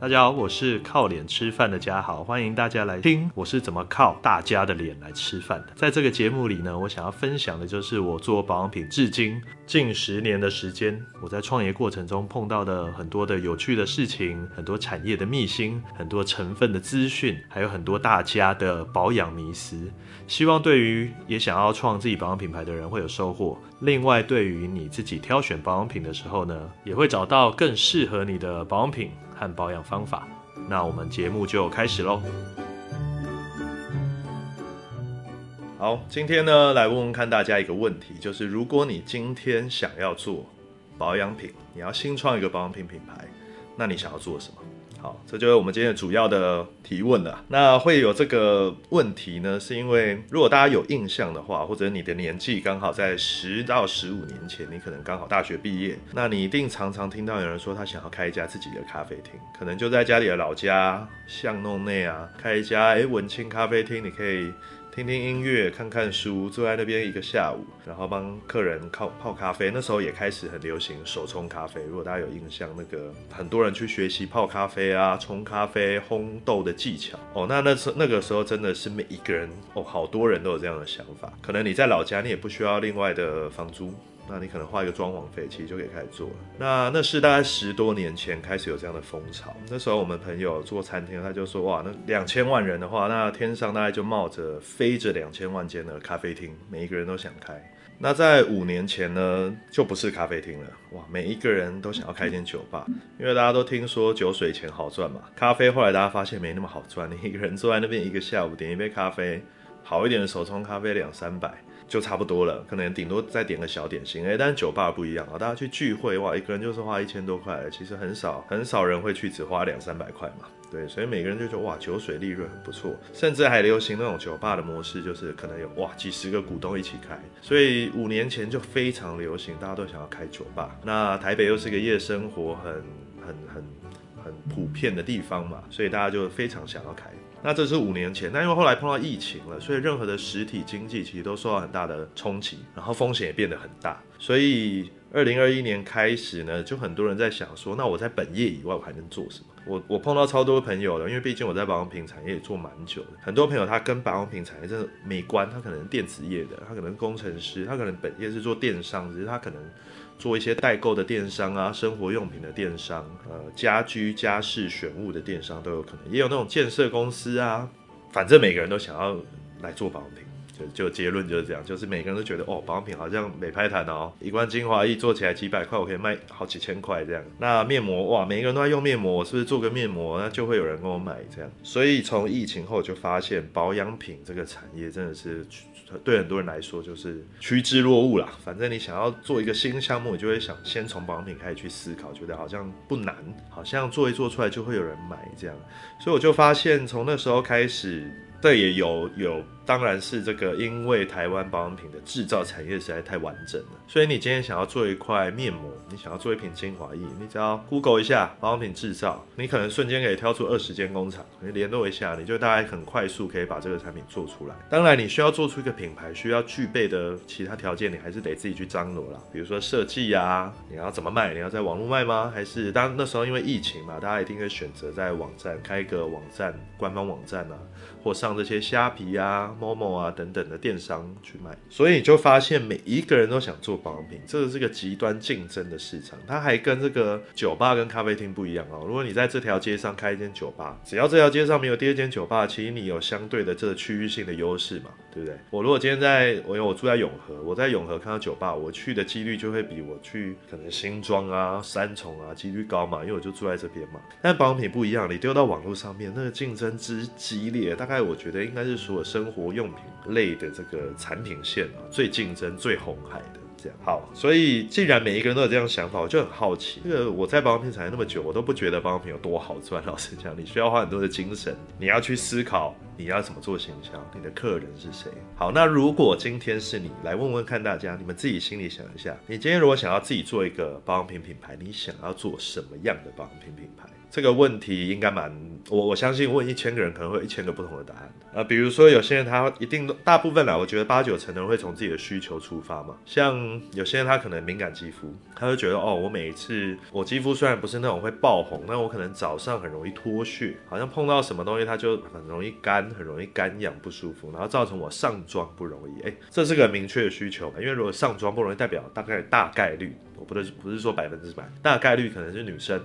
大家好，我是靠臉吃飯的家豪，歡迎大家來聽我是怎麼靠大家的臉來吃飯的。在這個節目裡呢，我想要分享的就是我做保養品至今近十年的時間，我在創業過程中碰到的很多的有趣的事情，很多產業的秘辛，很多成分的資訊，還有很多大家的保養迷思。希望對於也想要創自己保養品牌的人會有收穫。另外，對於你自己挑選保養品的時候呢，也會找到更適合你的保養品。和保養方法，那我們節目就開始嘍。好，今天呢，來問問看大家一個問題，就是如果你今天想要做保養品，你要新創一個保養品品牌，那你想要做什麼？好，這就是我們今天的主要的提問了。那會有這個問題呢，是因為如果大家有印象的話，或者你的年紀剛好在十到十五年前，你可能剛好大學畢業，那你一定常常聽到有人說他想要開一家自己的咖啡廳，可能就在家裡的老家巷弄內啊，開一家哎、欸、文青咖啡廳，你可以。聽聽音樂，看看書，坐在那邊一個下午，然後幫客人靠泡咖啡。那時候也開始很流行手沖咖啡，如果大家有印象，那個很多人去學習泡咖啡啊、沖咖啡、烘豆的技巧哦。那那時那個時候真的是每一個人哦，好多人都有這樣的想法。可能你在老家，你也不需要另外的房租。那你可能花一個裝潢費，其實就可以開始做了。那那是大概十多年前開始有這樣的風潮。那時候我們朋友做餐廳，他就說：哇，那兩千萬人的話，那天上大概就冒着飛着兩千萬間的咖啡廳，每一個人都想開。那在五年前呢，就不是咖啡廳了，哇，每一個人都想要開一間酒吧，因為大家都聽說酒水錢好賺嘛。咖啡後來大家發現沒那麼好賺，你一個人坐在那邊一個下午點一杯咖啡，好一點的手沖咖啡兩三百。就差不多了，可能頂多再點個小點心哎、欸，但是酒吧不一樣啊、哦，大家去聚會哇，一個人就是花一千多塊，其實很少很少人會去只花兩三百塊嘛，對，所以每個人就覺得哇，酒水利潤很不錯，甚至還流行那種酒吧的模式，就是可能有哇幾十個股東一起開，所以五年前就非常流行，大家都想要開酒吧。那台北又是個夜生活很很很很普遍的地方嘛，所以大家就非常想要開。那這是五年前，那因為後來碰到疫情了，所以任何的實體經濟其實都受到很大的衝擊，然後風險也變得很大。所以二零二一年開始呢，就很多人在想說，那我在本業以外我還能做什麼？我我碰到超多朋友了，因為畢竟我在保養品產業也做蠻久的，很多朋友他跟保養品產業真的沒關，他可能是電子業的，他可能是工程師，他可能本業是做電商，只是他可能。做一些代購的電商啊，生活用品的電商，呃，家居家飾選物的電商都有可能，也有那種建設公司啊，反正每個人都想要來做保養品。就結論就是這樣，就是每個人都覺得哦，保養品好像美拍坦哦，一罐精華液做起來幾百塊，我可以賣好幾千塊這樣。那面膜哇，每一個人都在用面膜，是不是做個面膜，那就會有人跟我買這樣。所以從疫情後就發現，保養品這個產業真的是對很多人來說就是趨之若鶩啦。反正你想要做一個新項目，你就會想先從保養品開始去思考，覺得好像不難，好像做一做出來就會有人買這樣。所以我就發現，從那時候開始，對也有有。當然是這個，因為台灣保養品的制造產業實在太完整了，所以你今天想要做一塊面膜，你想要做一瓶精華液，你只要 Google 一下保養品制造，你可能瞬間可以挑出二十間工廠，你聯絡一下，你就大概很快速可以把這個產品做出來。當然，你需要做出一個品牌需要具備的其他條件，你還是得自己去張羅啦，比如說設計呀、啊，你要怎麼賣？你要在網絡賣嗎？還是當那時候因為疫情嘛，大家一定會選擇在網站開一個網站官方網站啊，或上這些蝦皮呀、啊。某某啊等等的電商去賣，所以你就發現每一個人都想做保養品，這是個極端競爭的市場。它還跟這個酒吧跟咖啡廳不一樣哦。如果你在這條街上開一間酒吧，只要這條街上沒有第二間酒吧，其實你有相對的這個區域性的優勢嘛，對不對？我如果今天在我因為我住在永和，我在永和看到酒吧，我去的幾率就會比我去可能新莊啊、三重啊幾率高嘛，因為我就住在這邊嘛。但保養品不一樣，你丟到網絡上面，那個競爭之激烈，大概我覺得應該是說生活。用品類的這個產品線、啊、最競爭、最紅海的這樣。好，所以既然每一個人都有這樣想法，我就很好奇。這個我在保養品產業那麼久，我都不覺得保養品有多好賺。老實講，你需要花很多的精神，你要去思考。你要怎麼做形象？你的客人是誰？好，那如果今天是你，來問問看大家，你們自己心裡想一下，你今天如果想要自己做一個保養品品牌，你想要做什麼樣的保養品品牌？這個問題應該蠻，我我相信問一千個人可能會有一千個不同的答案啊、呃。比如說有些人他一定大部分來，我覺得八九成的人會從自己的需求出發嘛。像有些人他可能敏感肌膚，他會覺得哦，我每一次我肌膚雖然不是那種會爆紅，那我可能早上很容易脫屑，好像碰到什麼東西它就很容易乾。.很容易乾癢不舒服，然後造成我上妝不容易。哎，這是個明確的需求，因為如果上妝不容易，代表大概大概率，我，不對，不是說百分之百，大概率可能是女生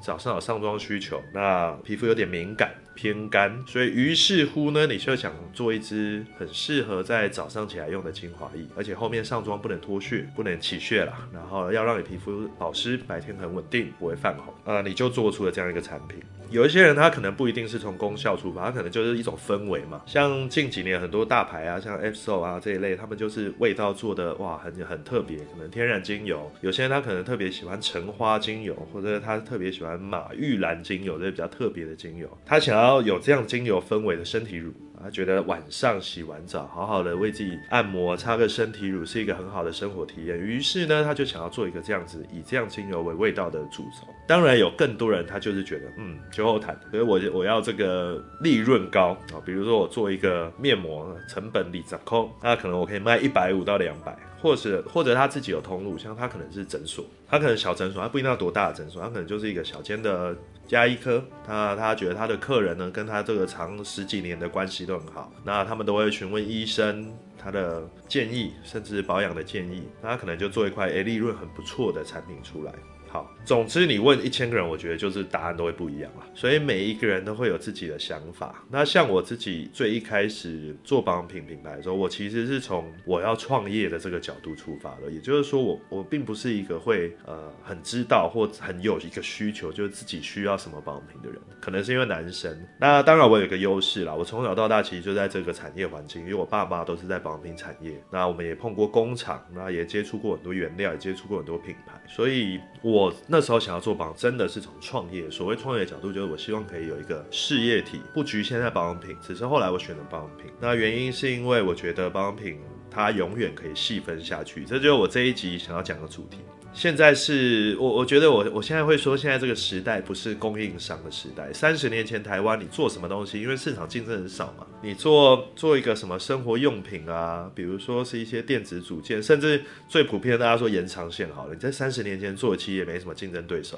早上有上妝需求，那皮膚有點敏感。偏乾，所以於是乎呢，你就想做一支很適合在早上起來用的精華液，而且後面上妝不能脫屑，不能起屑啦，然後要讓你皮膚保濕，白天很穩定，不會泛紅。啊、呃、你就做出了這樣一個產品。有一些人他可能不一定是從功效出發，他可能就是一種氛圍嘛。像近幾年很多大牌啊，像 Aesop 啊這一類，他們就是味道做的哇，很很特別，可能天然精油。有些人他可能特別喜歡橙花精油，或者他特別喜歡馬玉蘭精油這些、就是、比較特別的精油，他想要。然後有這樣精油氛圍的身體乳他、啊、覺得晚上洗完澡，好好的為自己按摩，擦個身體乳是一個很好的生活體驗。於是呢，他就想要做一個這樣子，以這樣精油為味道的主軸。當然有更多人，他就是覺得，嗯，酒後談，所以我我要這個利潤高啊。比如說我做一個面膜，成本裡掌控，那、啊、可能我可以賣一百五到兩百。或是或者他自己有通路，像他可能是診所，他可能小診所，他不一定要多大的診所，他可能就是一個小間的家醫科，他他覺得他的客人呢跟他這個長十幾年的關係都很好，那他們都會詢問醫生他的建議，甚至保養的建議，那他可能就做一塊哎利潤很不錯的產品出來。好，總之你問一千個人，我覺得就是答案都會不一樣啦。所以每一個人都會有自己的想法。那像我自己最一開始做保養品品牌的時候，我其實是從我要創業的這個角度出發的。也就是說我，我我並不是一個會呃很知道或很有一個需求，就是自己需要什麼保養品的人。可能是因為男生。那當然我有一個優勢啦，我從小到大其實就在這個產業環境，因為我爸媽都是在保養品產業。那我們也碰過工廠，那也接觸過很多原料，也接觸過很多品牌。所以我。我那時候想要做保養，真的是從創業。所謂創業的角度，就是我希望可以有一個事業體，不局限在保養品。只是後來我選了保養品，那原因是因為我覺得保養品它永遠可以細分下去，這就是我這一集想要講的主題。現在是我，我覺得我，我現在會說，現在這個時代不是供應商的時代。三十年前，台灣，你做什麼東西，因為市場競爭很少嘛，你做做一個什麼生活用品啊，比如說是一些電子組件，甚至最普遍大家說延長線好了，你在三十年前做其實也沒什麼競爭對手，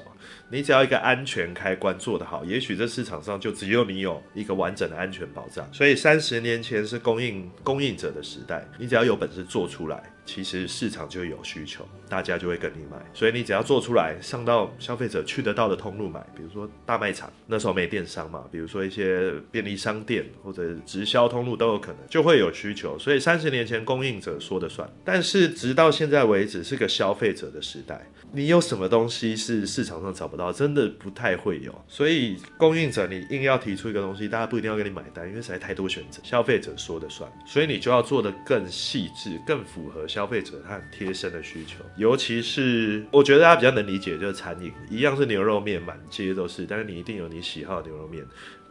你只要一個安全開關做得好，也許這市場上就只有你有一個完整的安全保障。所以三十年前是供應供應者的時代，你只要有本事做出來。其實市場就有需求，大家就會跟你買，所以你只要做出來，上到消費者去得到的通路買，比如說大賣場，那時候沒電商嘛，比如說一些便利商店或者直銷通路都有可能，就會有需求。所以三十年前供應者說的算，但是直到現在為止是個消費者的時代。你有什麼東西是市場上找不到？真的不太會有。所以供應者你硬要提出一個東西，大家不一定要給你買單，因為實在太多選擇，消費者說的算。所以你就要做得更細緻，更符合消費。消費者他很貼身的需求，尤其是我覺得大家比較能理解，就是餐飲一樣是牛肉麵，滿街都是，但是你一定有你喜好的牛肉麵，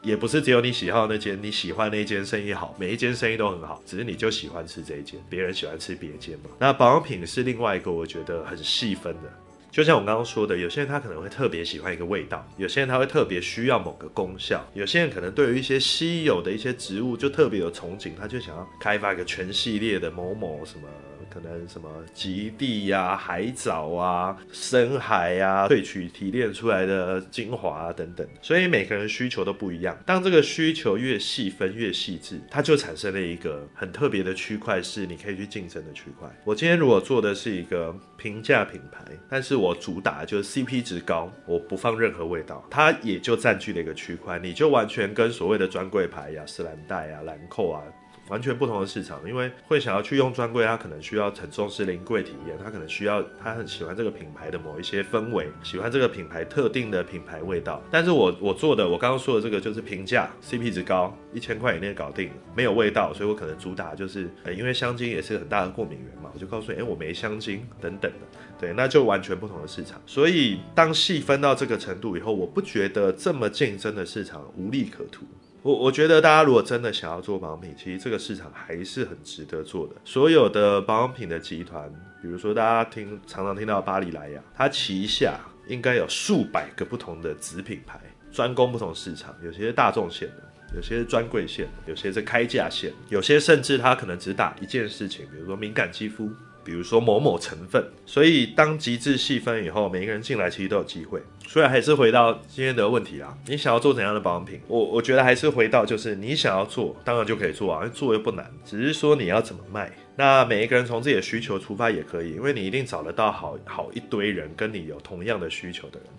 也不是只有你喜好那間，你喜歡那間生意好，每一間生意都很好，只是你就喜歡吃這一間，別人喜歡吃別間嘛。那保養品是另外一個我覺得很細分的，就像我剛剛說的，有些人他可能會特別喜歡一個味道，有些人他會特別需要某個功效，有些人可能對於一些稀有的一些植物就特別有憧憬，他就想要開發一個全系列的某某什麼。可能什麼極地呀、啊、海藻啊、深海呀、啊、萃取提煉出來的精華啊等等，所以每個人需求都不一樣。當這個需求越細分越細緻，它就產生了一個很特別的區塊，是你可以去競爭的區塊。我今天如果做的是一個平價品牌，但是我主打就是 CP 值高，我不放任何味道，它也就占據了一個區塊，你就完全跟所謂的專櫃牌雅、啊、詩蘭黛啊、蘭蔻啊。完全不同的市場，因為會想要去用專櫃，他可能需要很重視臨櫃體驗，他可能需要他很喜歡這個品牌的某一些氛圍，喜歡這個品牌特定的品牌味道。但是我我做的我剛剛說的這個就是平價，CP 值高，一千塊以內搞定，沒有味道，所以我可能主打就是，呃，因為香精也是很大的過敏源嘛，我就告訴你，哎，我沒香精等等的。對，那就完全不同的市場。所以當細分到這個程度以後，我不覺得這麼競爭的市場無利可圖。我我覺得大家如果真的想要做保養品，其實這個市場還是很值得做的。所有的保養品的集團，比如說大家聽常常聽到巴黎萊雅，它旗下應該有數百個不同的子品牌，專攻不同市場。有些是大眾線的，有些專櫃線的，有些是開架線，有些甚至它可能只打一件事情，比如說敏感肌膚。比如說某某成分，所以當極致細分以後，每一個人進來其實都有機會。所以還是回到今天的問題啊，你想要做怎樣的保養品？我我覺得還是回到，就是你想要做，當然就可以做啊，做又不難，只是說你要怎麼賣。那每一個人從自己的需求出發也可以，因為你一定找得到好好一堆人跟你有同樣的需求的人。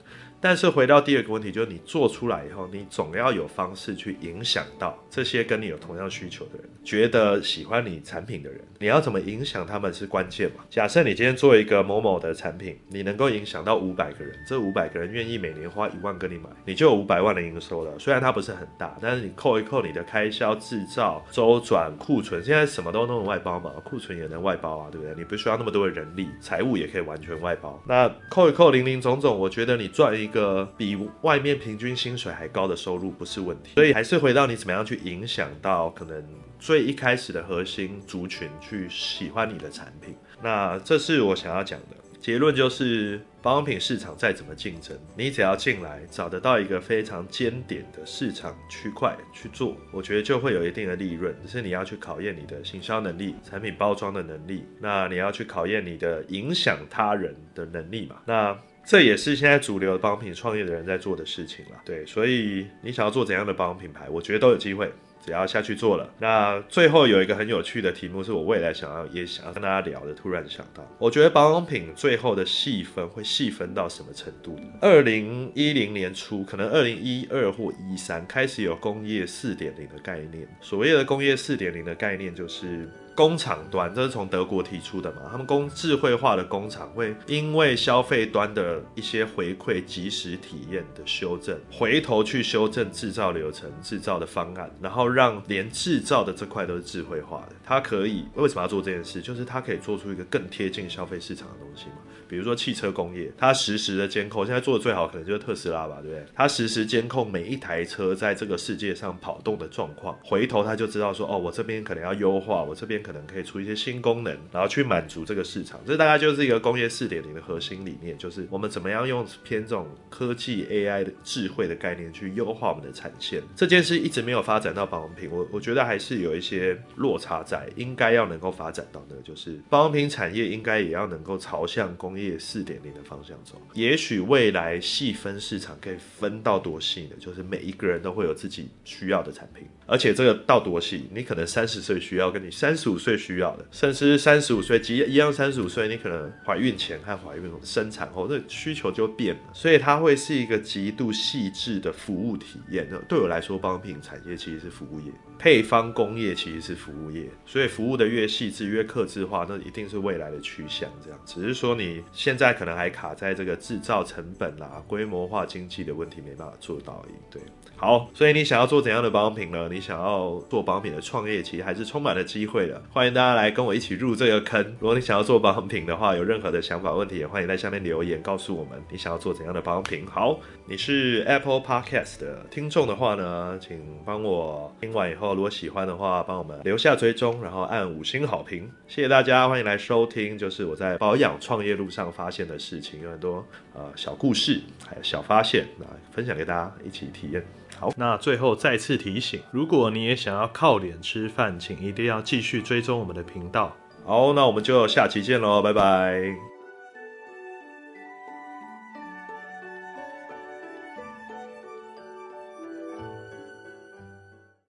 但是回到第二個問題，就是你做出來以後，你總要有方式去影響到這些跟你有同樣需求的人，覺得喜歡你產品的人，你要怎麼影響他們是關鍵嘛？假設你今天做一個某某的產品，你能夠影響到五百個人，這五百個人願意每年花一萬跟你買，你就有五百萬的營收了。雖然它不是很大，但是你扣一扣你的開銷、制造、周轉、庫存，現在什麼都弄外包嘛，庫存也能外包啊，對不對？你不需要那麼多的人力，財務也可以完全外包。那扣一扣，林林總總，我覺得你賺一。一個比外面平均薪水還高的收入不是問題，所以還是回到你怎麼樣去影響到可能最一開始的核心族群去喜歡你的產品。那這是我想要講的結論，就是保養品市場再怎麼競爭，你只要進來，找得到一個非常尖點的市場區塊去做，我覺得就會有一定的利潤。只是你要去考驗你的行銷能力、產品包裝的能力，那你要去考驗你的影響他人的能力嘛？那。這也是現在主流的保養品創業的人在做的事情了。對，所以你想要做怎樣的保養品牌，我覺得都有機會，只要下去做了。那最後有一個很有趣的題目，是我未來想要也想要跟大家聊的。突然想到，我覺得保養品最後的細分會細分到什麼程度？二零一零年初，可能二零一二或一三開始有工業四點零的概念。所謂的工業四點零的概念，就是。工廠端，這是從德國提出的嘛，他們工智慧化的工廠會因為消費端的一些回饋，及時體驗的修正，回頭去修正制造流程、制造的方案，然後讓連制造的這塊都是智慧化的。它可以為什麼要做這件事？就是它可以做出一個更貼近消費市場的東西嘛。比如說汽車工業，它實時的監控，現在做的最好可能就是特斯拉吧，對不對？它實時監控每一台車在這個世界上跑動的狀況，回頭它就知道說，哦，我這邊可能要優化，我這邊可能可以出一些新功能，然後去滿足這個市場。這大概就是一個工業四點零的核心理念，就是我們怎麼樣用偏這種科技 AI 的智慧的概念去優化我們的產線。這件事一直沒有發展到保養品，我我覺得還是有一些落差在，應該要能夠發展到的，就是保養品產業應該也要能夠朝向工業。列四點零的方向走，也許未來細分市場可以分到多細呢？就是每一個人都會有自己需要的產品，而且這個到多細，你可能三十歲需要，跟你三十五歲需要的，甚至是三十五歲及一樣三十五歲，你可能懷孕前和懷孕生產後，那需求就變了，所以它會是一個極度細緻的服務體驗。那對我來說，保養品產業其實是服務業。配方工業其實是服務業，所以服務的越細緻、越客製化，那一定是未來的趨向。這樣只是說你現在可能還卡在這個製造成本啦、啊、規模化經濟的問題，沒辦法做到一。一對。好，所以你想要做怎樣的保養品呢？你想要做保養品的創業，其實還是充滿了機會的。歡迎大家來跟我一起入這個坑。如果你想要做保養品的話，有任何的想法、問題，也歡迎在下面留言告訴我們，你想要做怎樣的保養品。好，你是 Apple Podcast 的聽眾的話呢，請幫我聽完以後。如果喜歡的話，幫我們留下追蹤，然後按五星好評，謝謝大家，歡迎來收聽，就是我在保養創業路上發現的事情，有很多，呃，小故事，還有小發現，來分享給大家一起體驗。好，那最後再次提醒，如果你也想要靠臉吃飯，請一定要繼續追蹤我們的頻道。好，那我們就下期見嘍，拜拜。